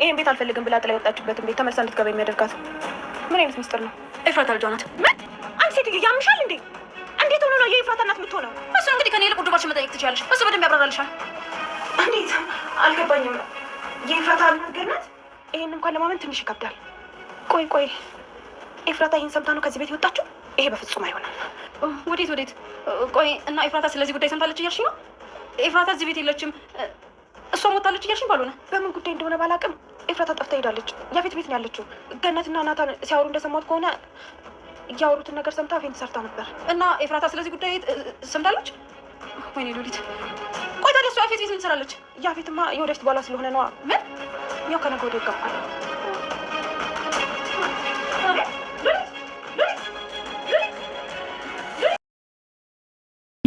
ይህን ቤት አልፈልግም ብላ ጥላ የወጣችበትን ቤት ተመልሳ እንድትገባ የሚያደርጋት ምን አይነት ምስጢር ነው? ኤፍራታ ልጇ ምን? አንድ ሴትዮ ያምሻል እንዴ? እንዴት ሆኖ ነው የኤፍራታ እናት የምትሆነው? እሱ እንግዲህ ከኔ ይልቅ ውድባሽን መጠየቅ ትችላለሽ። እሱ በደንብ ያብራራልሻል። እንዴት? አልገባኝም። የኤፍራታ እናት ናት? ይህን እንኳን ለማመን ትንሽ ይከብዳል። ቆይ ቆይ፣ ኤፍራታ ይህን ሰምታ ነው ከዚህ ቤት የወጣችው? ይሄ በፍጹም አይሆንም። ወዴት ወዴት? ቆይ እና ኤፍራታ ስለዚህ ጉዳይ ሰምታለች እያልሽ ነው? ኤፍራታ እዚህ ቤት የለችም እሷ ሞታለች እያልሽኝ ባልሆነ በምን ጉዳይ እንደሆነ ባላቅም ኤፍራታ ጠፍታ ሄዳለች። ያፌት ቤት ነው ያለችው። ገነትና ናታን ሲያወሩ እንደሰማት ከሆነ እያወሩትን ነገር ሰምታ ፌንት ሰርታ ነበር እና ኤፍራታ ስለዚህ ጉዳይ ሰምታለች። ወይኔ ሉሊት፣ ቆይታ ደሱ እሷ ያፌት ቤት ምን ትሰራለች? ያፌትማ የወደፊት ባሏ ስለሆነ ነዋ። ምን ያው ከነገ ወዲያ ይገባል።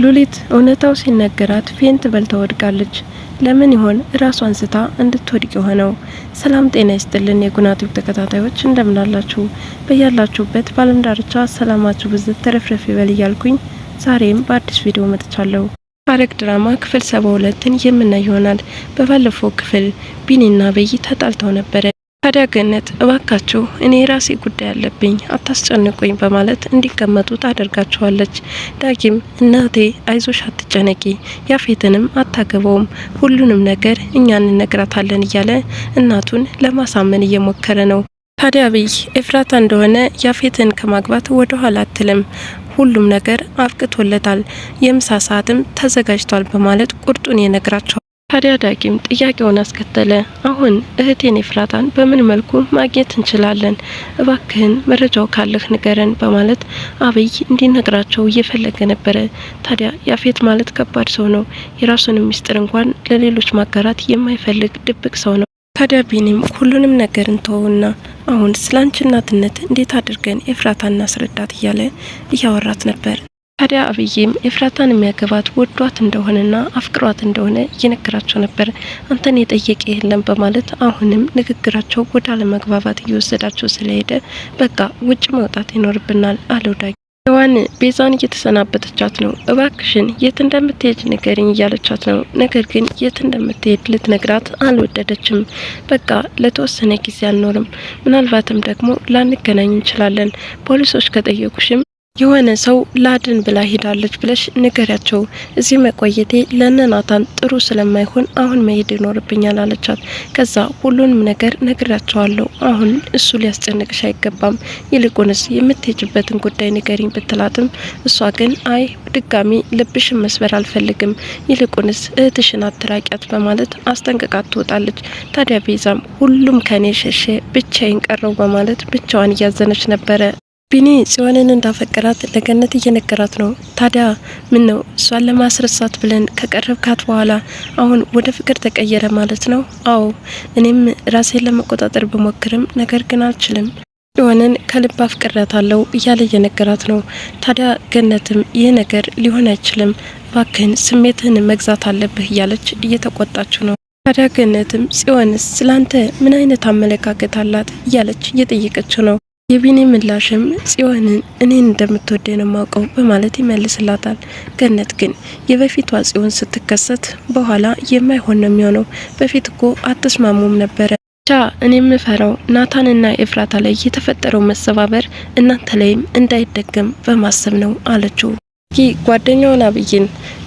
ሉሊት እውነታው ሲነገራት ፌንት በልታ ወድቃለች። ለምን ይሆን ራሷ አንስታ እንድትወድቅ የሆነው? ሰላም ጤና ይስጥልን የጉናቱ ተከታታዮች እንደምናላችሁ በያላችሁበት በዓለም ዳርቻ ሰላማችሁ ብዝት ተረፍረፍ ይበል እያልኩኝ ዛሬም በአዲስ ቪዲዮ መጥቻለሁ። ሐረግ ድራማ ክፍል ሰባ ሁለትን የምናይ ይሆናል። በባለፈው ክፍል ቢኒና በይ ተጣልተው ነበረ። ታዲያ ገነት እባካችሁ እኔ የራሴ ጉዳይ አለብኝ አታስጨንቁኝ በማለት እንዲቀመጡ ታደርጋችኋለች። ዳጊም እናቴ አይዞሽ አትጨነቂ፣ ያፌትንም አታገባውም ሁሉንም ነገር እኛ እንነግራታለን እያለ እናቱን ለማሳመን እየሞከረ ነው። ታዲያ አብይ ኤፍራታ እንደሆነ ያፌትን ከማግባት ወደ ኋላ አትልም። ሁሉም ነገር አብቅቶለታል፣ የምሳ ሰዓትም ተዘጋጅቷል በማለት ቁርጡን ይነግራቸዋል። ታዲያ ዳጊም ጥያቄውን አስከተለ። አሁን እህቴን ኤፍራታን በምን መልኩ ማግኘት እንችላለን? እባክህን መረጃው ካለህ ንገረን በማለት አብይ እንዲነግራቸው እየፈለገ ነበረ። ታዲያ ያፌት ማለት ከባድ ሰው ነው። የራሱን ምስጥር እንኳን ለሌሎች ማጋራት የማይፈልግ ድብቅ ሰው ነው። ታዲያ ቢኒም ሁሉንም ነገር እንተወውና አሁን ስለ አንቺ እናትነት እንዴት አድርገን ኤፍራታ እናስረዳት እያለ እያወራት ነበር። ታዲያ አብዬም ኤፍራታን የሚያገባት ወዷት እንደሆነና አፍቅሯት እንደሆነ እየነገራቸው ነበር። አንተን የጠየቀ የለም በማለት አሁንም ንግግራቸው ወደ አለመግባባት እየወሰዳቸው ስለሄደ በቃ ውጭ መውጣት ይኖርብናል አለው ዳ ሔዋን ቤዛን እየተሰናበተቻት ነው። እባክሽን የት እንደምትሄድ ንገሪኝ እያለቻት ነው። ነገር ግን የት እንደምትሄድ ልትነግራት አልወደደችም። በቃ ለተወሰነ ጊዜ አልኖርም፣ ምናልባትም ደግሞ ላንገናኝ እንችላለን ፖሊሶች ከጠየቁሽም የሆነ ሰው ላድን ብላ ሄዳለች ብለሽ ንገሪያቸው። እዚህ መቆየቴ ለነናታን ጥሩ ስለማይሆን አሁን መሄድ ይኖርብኛል አለቻት። ከዛ ሁሉንም ነገር ነግሪያቸዋለሁ፣ አሁን እሱ ሊያስጨንቅሽ አይገባም፣ ይልቁንስ የምትሄጅበትን ጉዳይ ንገሪኝ ብትላትም እሷ ግን አይ ድጋሚ ልብሽን መስበር አልፈልግም፣ ይልቁንስ እህትሽን አትራቂያት በማለት አስጠንቅቃት ትወጣለች። ታዲያ ቤዛም ሁሉም ከኔ ሸሸ ብቻዬን ቀረው በማለት ብቻዋን እያዘነች ነበረ። ቢኒ ጽዮንን እንዳፈቀራት ለገነት እየነገራት ነው። ታዲያ ምን ነው እሷን ለማስረሳት ብለን ከቀረብካት በኋላ አሁን ወደ ፍቅር ተቀየረ ማለት ነው? አዎ እኔም ራሴን ለመቆጣጠር ብሞክርም ነገር ግን አልችልም። ጽዮንን ከልብ አፍቅሬያታለሁ እያለ እየነገራት ነው። ታዲያ ገነትም ይህ ነገር ሊሆን አይችልም፣ እባክህን ስሜትህን መግዛት አለብህ እያለች እየተቆጣችው ነው። ታዲያ ገነትም ጽዮንስ ስላንተ ምን አይነት አመለካከት አላት እያለች እየጠየቀችው ነው የቢኒ ምላሽም ጽዮንን እኔን እንደምትወደ ነው የማውቀው በማለት ይመልስላታል። ገነት ግን የበፊቷ ጽዮን ስትከሰት በኋላ የማይሆን ነው የሚሆነው። በፊት እኮ አትስማሙም ነበረ። ብቻ እኔ የምፈራው ናታንና ኤፍራታ ላይ የተፈጠረው መሰባበር እናንተ ላይም እንዳይደገም በማሰብ ነው አለችው። ኪ ጓደኛው ና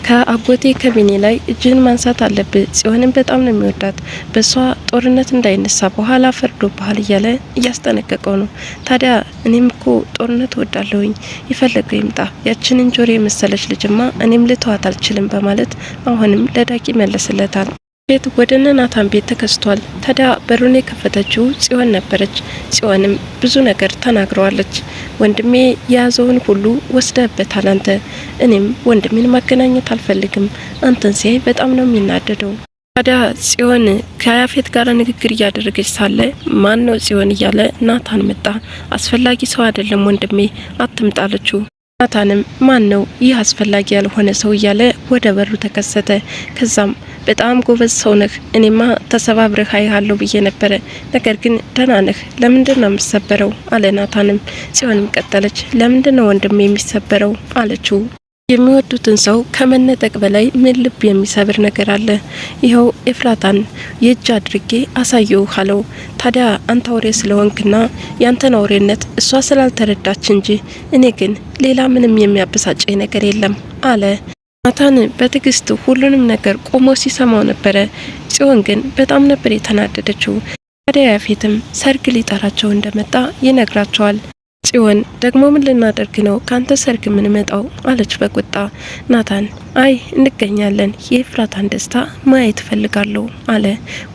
ከአጎቴ ከቢኒ ላይ እጅን ማንሳት አለብህ። ጽዮንን በጣም ነው የሚወዳት። በእሷ ጦርነት እንዳይነሳ በኋላ ፈርዶ ባህል እያለ እያስጠነቀቀው ነው። ታዲያ እኔም እኮ ጦርነት እወዳለሁኝ፣ የፈለገው ይምጣ፣ ያችን እንጆሪ የመሰለች ልጅማ እኔም ልተዋት አልችልም በማለት አሁንም ለዳቂ መለስለታል። ቤት ወደ ነናታን ናታን ቤት ተከስቷል። ታዲያ በሩን የከፈተችው ጽዮን ነበረች። ጽዮንም ብዙ ነገር ተናግረዋለች። ወንድሜ የያዘውን ሁሉ ወስደህበታል አንተ። እኔም ወንድሜን ማገናኘት አልፈልግም። አንተን ሲያይ በጣም ነው የሚናደደው። ታዲያ ጽዮን ከያፌት ጋር ንግግር እያደረገች ሳለ ማን ነው ጽዮን እያለ ናታን መጣ። አስፈላጊ ሰው አይደለም ወንድሜ አትምጣለችው ናታንም ማን ነው ይህ አስፈላጊ ያልሆነ ሰው እያለ ወደ በሩ ተከሰተ። ከዛም በጣም ጎበዝ ሰው ነህ፣ እኔማ ተሰባብረህ አይሃለሁ ብዬ ነበረ። ነገር ግን ደህና ነህ። ለምንድን ነው የምሰበረው? አለ ናታንም። ጽዮንም ቀጠለች፣ ለምንድን ነው ወንድም የሚሰበረው? አለችው። የሚወዱትን ሰው ከመነጠቅ በላይ ምን ልብ የሚሰብር ነገር አለ? ይኸው ኤፍራታን የእጅ አድርጌ አሳየው አለው። ታዲያ አንተ አውሬ ስለሆንክና ያንተን አውሬነት እሷ ስላልተረዳች እንጂ እኔ ግን ሌላ ምንም የሚያበሳጨኝ ነገር የለም አለ። ናታን በትዕግስት ሁሉንም ነገር ቆሞ ሲሰማው ነበረ። ጽዮን ግን በጣም ነበር የተናደደችው። ታዲያ ያፌትም ሰርግ ሊጠራቸው እንደመጣ ይነግራቸዋል። ጽዮን ደግሞ ምን ልናደርግ ነው ካንተ ሰርግ የምንመጣው አለች በቁጣ። ናታን አይ እንገኛለን፣ የኤፍራታን ደስታ ማየት እፈልጋለሁ አለ።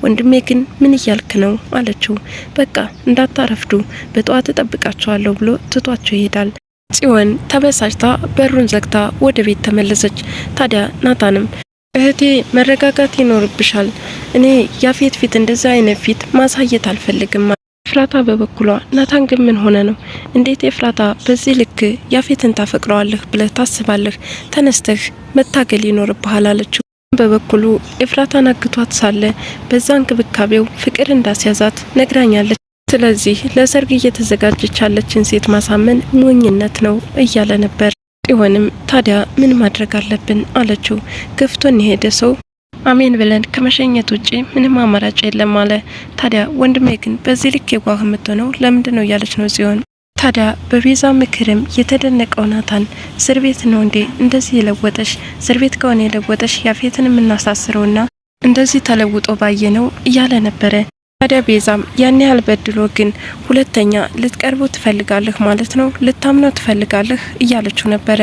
ወንድሜ ግን ምን እያልክ ነው አለችው። በቃ እንዳታረፍዱ፣ በጠዋት እጠብቃቸዋለሁ ብሎ ትቷቸው ይሄዳል። ጽዮን ተበሳጭታ በሩን ዘግታ ወደ ቤት ተመለሰች። ታዲያ ናታንም እህቴ መረጋጋት ይኖርብሻል፣ እኔ ያፌት ፊት እንደዚህ አይነት ፊት ማሳየት አልፈልግም። ኤፍራታ በበኩሏ ናታን ግን ምን ሆነ ነው? እንዴት ኤፍራታ በዚህ ልክ ያፌትን ታፈቅረዋለህ ብለህ ታስባለህ? ተነስተህ መታገል ይኖርብሃል አለችው። በበኩሉ ኤፍራታን አግቷት ሳለ በዛ እንክብካቤው ፍቅር እንዳስያዛት ነግራኛለች። ስለዚህ ለሰርግ እየተዘጋጀች ያለችን ሴት ማሳመን ሞኝነት ነው እያለ ነበር። ጢሆንም ታዲያ ምን ማድረግ አለብን አለችው። ገፍቶን የሄደ ሰው አሜን ብለን ከመሸኘት ውጪ ምንም አማራጭ የለም አለ። ታዲያ ወንድሜ ግን በዚህ ልክ የጓህ የምትሆነው ለምንድን ነው እያለች ነው ጽዮን። ታዲያ በቤዛ ምክርም የተደነቀው ናታን እስር ቤት ነው እንዴ እንደዚህ የለወጠሽ? እስር ቤት ከሆነ የለወጠሽ ያፌትን የምናሳስረውና እንደዚህ ተለውጦ ባየ ነው እያለ ነበረ። ታዲያ ቤዛም ያን ያህል በድሎ ግን ሁለተኛ ልትቀርበው ትፈልጋለህ ማለት ነው፣ ልታምነው ትፈልጋለህ እያለችው ነበረ።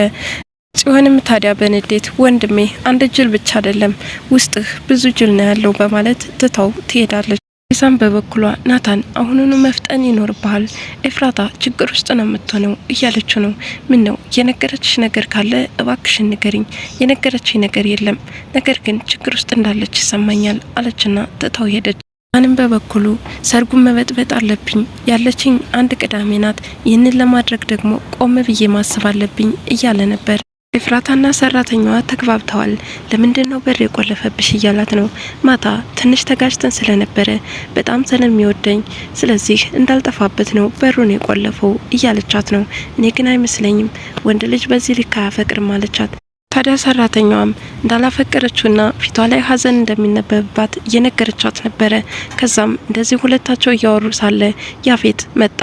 ጽዮንም ታዲያ በንዴት ወንድሜ አንድ ጅል ብቻ አይደለም ውስጥህ ብዙ ጅል ነው ያለው በማለት ትታው ትሄዳለች። ቤዛም በበኩሏ ናታን አሁኑኑ መፍጠን ይኖርብሃል፣ ኤፍራታ ችግር ውስጥ ነው የምትሆነው እያለችው ነው። ምን ነው የነገረችሽ ነገር ካለ እባክሽን ንገሪኝ። የነገረችኝ ነገር የለም፣ ነገር ግን ችግር ውስጥ እንዳለች ይሰማኛል አለችና ትታው ሄደች። አንም በበኩሉ ሰርጉን መበጥበጥ አለብኝ ያለችኝ አንድ ቅዳሜ ናት፣ ይህንን ለማድረግ ደግሞ ቆም ብዬ ማሰብ አለብኝ እያለ ነበር። ኤፍራታና ሰራተኛዋ ተግባብተዋል። ለምንድን ነው በር የቆለፈብሽ እያላት ነው። ማታ ትንሽ ተጋጭተን ስለነበረ በጣም ስለሚወደኝ ስለዚህ እንዳልጠፋበት ነው በሩን የቆለፈው እያለቻት ነው። እኔ ግን አይመስለኝም ወንድ ልጅ በዚህ ልክ አያፈቅርም አለቻት። ታዲያ ሰራተኛዋም እንዳላፈቀረችውና ፊቷ ላይ ሀዘን እንደሚነበብባት እየነገረቻት ነበረ። ከዛም እንደዚህ ሁለታቸው እያወሩ ሳለ ያፌት መጣ።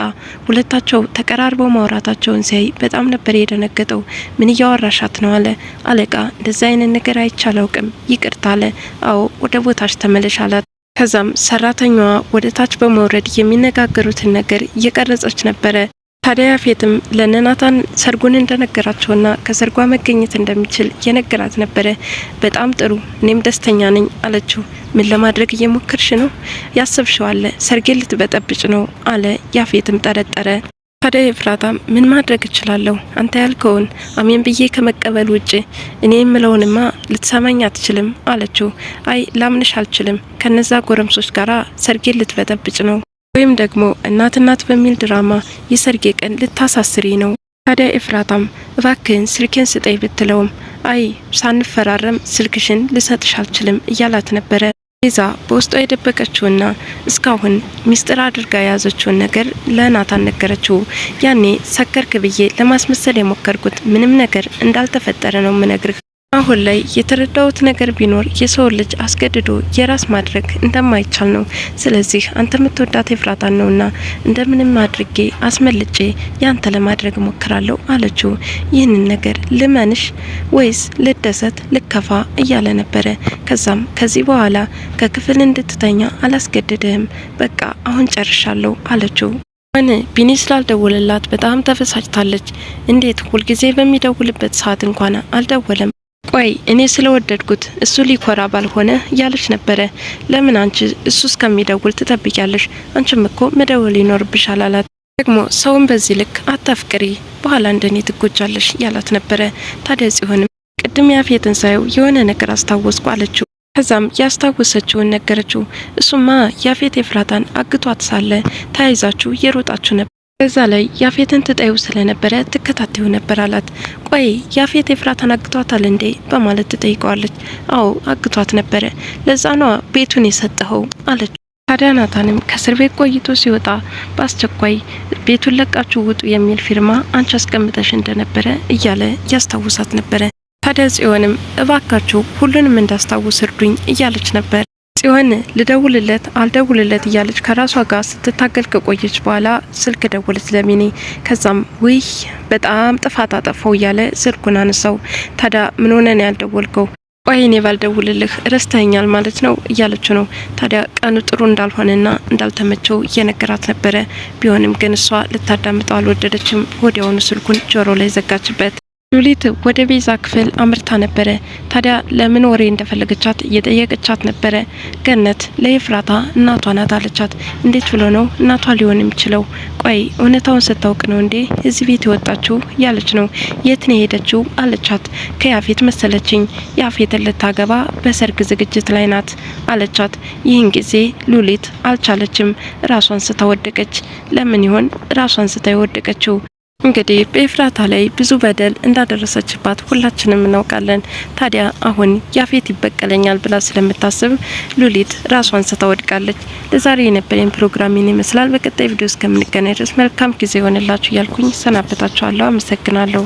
ሁለታቸው ተቀራርበው ማውራታቸውን ሲያይ በጣም ነበር የደነገጠው። ምን እያወራሻት ነው አለ። አለቃ እንደዚህ አይነት ነገር አይቻላውቅም፣ ይቅርታ አለ። አዎ ወደ ቦታሽ ተመለሽ አላት። ከዛም ሰራተኛዋ ወደ ታች በመውረድ የሚነጋገሩትን ነገር እየቀረጸች ነበረ። ታዲያ ያፌትም ለነናታን ሰርጉን እንደነገራቸውና ከሰርጓ መገኘት እንደሚችል የነገራት ነበረ። በጣም ጥሩ እኔም ደስተኛ ነኝ አለችው። ምን ለማድረግ እየሞከርሽ ነው? ያሰብሸዋለ ሰርጌ ልትበጠብጭ ነው አለ። ያፌትም ጠረጠረ። ታዲያ የፍራታ ምን ማድረግ እችላለሁ? አንተ ያልከውን አሜን ብዬ ከመቀበል ውጭ እኔ የምለውንማ ልትሰማኝ አትችልም አለችው። አይ ላምንሽ አልችልም። ከነዛ ጎረምሶች ጋራ ሰርጌ ልትበጠብጭ ነው ወይም ደግሞ እናት እናት በሚል ድራማ የሰርጌ ቀን ልታሳስሪ ነው። ታዲያ ኤፍራታም እባክህን ስልኬን ስጠይ ብትለውም አይ ሳንፈራረም ስልክሽን ልሰጥሽ አልችልም እያላት ነበረ። ቤዛ በውስጧ የደበቀችውና እስካሁን ሚስጥር አድርጋ የያዘችውን ነገር ለናታን ነገረችው። ያኔ ሰከርክ ብዬ ለማስመሰል የሞከርኩት ምንም ነገር እንዳልተፈጠረ ነው ምነግርህ አሁን ላይ የተረዳሁት ነገር ቢኖር የሰው ልጅ አስገድዶ የራስ ማድረግ እንደማይቻል ነው። ስለዚህ አንተ የምትወዳት ኤፍራታን ነውና እንደምንም አድርጌ አስመልጬ ያንተ ለማድረግ ሞክራለሁ አለችው። ይህንን ነገር ልመንሽ ወይስ ልደሰት፣ ልከፋ እያለ ነበረ። ከዛም ከዚህ በኋላ ከክፍል እንድትተኛ አላስገድድህም፣ በቃ አሁን ጨርሻለሁ አለችው። ወን ቢኒ ስላልደወለላት በጣም ተበሳጭታለች። እንዴት ሁልጊዜ በሚደውልበት ሰዓት እንኳን አልደወለም ቆይ እኔ ስለወደድኩት እሱ ሊኮራ ባልሆነ እያለች ነበረ። ለምን አንቺ እሱ እስከሚደውል ትጠብቂያለሽ? አንቺም እኮ መደወል ይኖርብሻል አላት። ደግሞ ሰውን በዚህ ልክ አታፍቅሪ፣ በኋላ እንደኔ ትጎጃለሽ ያላት ነበረ። ታዲያ ጽሆንም ቅድም ያፌትን ሳየው የሆነ ነገር አስታወስኩ አለችው። ከዛም ያስታወሰችውን ነገረችው። እሱማ ያፌት የፍራታን አግቷት ሳለ ተያይዛችሁ የሮጣችሁ ነበር እዛ ላይ ያፌትን ትጠይው ስለነበረ ትከታተዩ ነበር አላት። ቆይ ያፌት ኤፍራታን አግቷታል እንዴ? በማለት ትጠይቀዋለች። አዎ አግቷት ነበረ፣ ለዛኗ ቤቱን የሰጠኸው አለች። ታዲያ ናታንም ከእስር ቤት ቆይቶ ሲወጣ በአስቸኳይ ቤቱን ለቃችሁ ውጡ የሚል ፊርማ አንቺ አስቀምጠሽ እንደነበረ እያለ እያስታውሳት ነበረ። ታዲያ ጽዮንም እባካችሁ ሁሉንም እንዳስታውስ እርዱኝ እያለች ነበር። ጽዮን ልደውልለት አልደውልለት እያለች ከራሷ ጋር ስትታገል ከቆየች በኋላ ስልክ ደወለች ለሚኔ። ከዛም ውይ በጣም ጥፋት አጠፋው እያለ ስልኩን አነሳው። ታዲያ ምን ሆነን ያልደወልከው? ቆይ እኔ ባልደውልልህ ረስተኛል ማለት ነው እያለችው ነው። ታዲያ ቀኑ ጥሩ እንዳልሆነና እንዳልተመቸው እየነገራት ነበረ። ቢሆንም ግን እሷ ልታዳምጠው አልወደደችም። ወዲያውኑ ስልኩን ጆሮ ላይ ዘጋችበት። ሉሊት ወደ ቤዛ ክፍል አምርታ ነበረ። ታዲያ ለምን ወሬ እንደፈለገቻት እየጠየቀቻት ነበረ። ገነት ለይፍራታ እናቷ ናት አለቻት። እንዴት ብሎ ነው እናቷ ሊሆን የሚችለው? ቆይ እውነታውን ስታውቅ ነው እንዴ እዚህ ቤት የወጣችው? ያለች ነው። የት ነው የሄደችው? አለቻት። ከያፌት መሰለችኝ። ያፌትን ልታገባ በሰርግ ዝግጅት ላይ ናት አለቻት። ይህን ጊዜ ሉሊት አልቻለችም። ራሷን ስታ ወደቀች። ለምን ይሆን ራሷን ስታ የወደቀችው? እንግዲህ በኤፍራታ ላይ ብዙ በደል እንዳደረሰችባት ሁላችንም እናውቃለን። ታዲያ አሁን ያፌት ይበቀለኛል ብላ ስለምታስብ ሉሊት ራሷን ስታ ወድቃለች። ለዛሬ የነበረን ፕሮግራሚን ይመስላል። በቀጣይ ቪዲዮ እስከምንገናኝ ድረስ መልካም ጊዜ ሆነላችሁ እያልኩኝ ሰናበታችኋለሁ። አመሰግናለሁ።